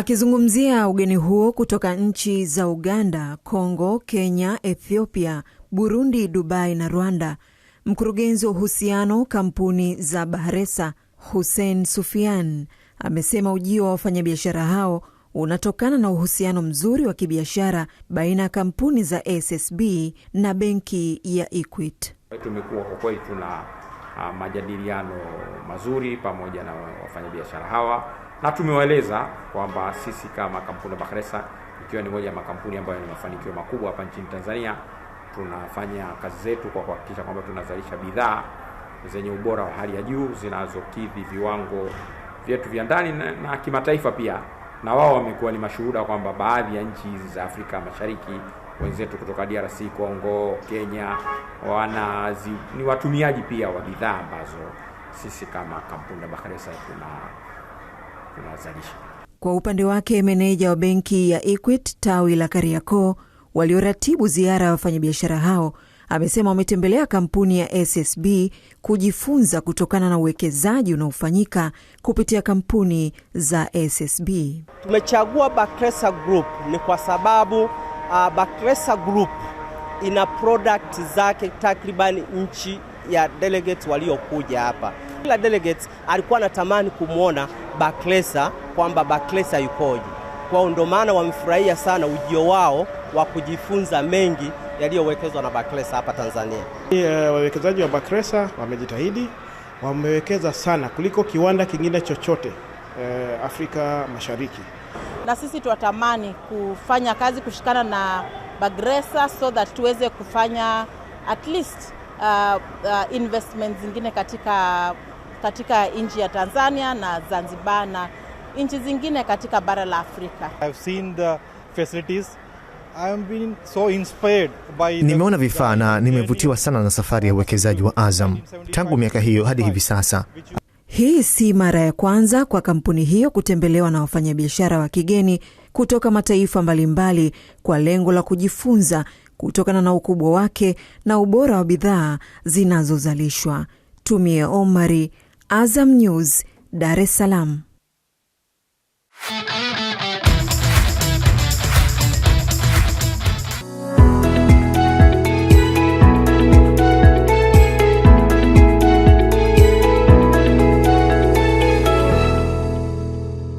Akizungumzia ugeni huo kutoka nchi za Uganda, congo Kenya, Ethiopia, Burundi, Dubai na Rwanda, mkurugenzi wa uhusiano kampuni za Bahresa Hussein Sufian amesema ujio wa wafanyabiashara hao unatokana na uhusiano mzuri wa kibiashara baina ya kampuni za SSB na benki ya Equity. Tumekuwa kwa kweli tuna ah, majadiliano mazuri pamoja na wafanyabiashara hawa na tumewaeleza kwamba sisi kama kampuni ya Bakhresa ikiwa ni moja ya makampuni ambayo ni mafanikio makubwa hapa nchini Tanzania, tunafanya kazi zetu kwa kuhakikisha kwamba tunazalisha bidhaa zenye ubora wa hali ya juu zinazokidhi viwango vyetu vya ndani na, na kimataifa pia. Na wao wamekuwa ni mashuhuda kwamba baadhi ya nchi hizi za Afrika Mashariki wenzetu kutoka DRC Congo, Kenya wana zi, ni watumiaji pia wa bidhaa ambazo sisi kama kampuni ya Bakhresa tuna inawazalisha. Kwa upande wake, meneja wa benki ya Equity tawi la Kariakoo walioratibu ziara ya wafanyabiashara hao amesema wametembelea kampuni ya SSB kujifunza kutokana na uwekezaji unaofanyika kupitia kampuni za SSB. Tumechagua Bakresa Group ni kwa sababu uh, Bakresa Group ina product zake takriban nchi ya delegates waliokuja hapa. Kila delegates alikuwa anatamani kumwona baklesa kwamba baklesa yukoje. Kwao ndio maana wamefurahia sana ujio wao wa kujifunza mengi yaliyowekezwa na baklesa hapa Tanzania. E, wawekezaji wa Bakresa wamejitahidi, wamewekeza sana kuliko kiwanda kingine chochote e, Afrika Mashariki, na sisi tunatamani kufanya kazi kushikana na Bakresa so that tuweze kufanya at least uh, uh, investment zingine katika katika nchi ya Tanzania na Zanzibar na nchi zingine katika bara la Afrika. I've seen the facilities. So nimeona vifaa na nimevutiwa sana na safari ya uwekezaji wa Azam tangu miaka hiyo hadi hivi sasa. Hii si mara ya kwanza kwa kampuni hiyo kutembelewa na wafanyabiashara wa kigeni kutoka mataifa mbalimbali kwa lengo la kujifunza kutokana na ukubwa wake na ubora wa bidhaa zinazozalishwa. Tumie Omari, Azam News, Dar es Salaam.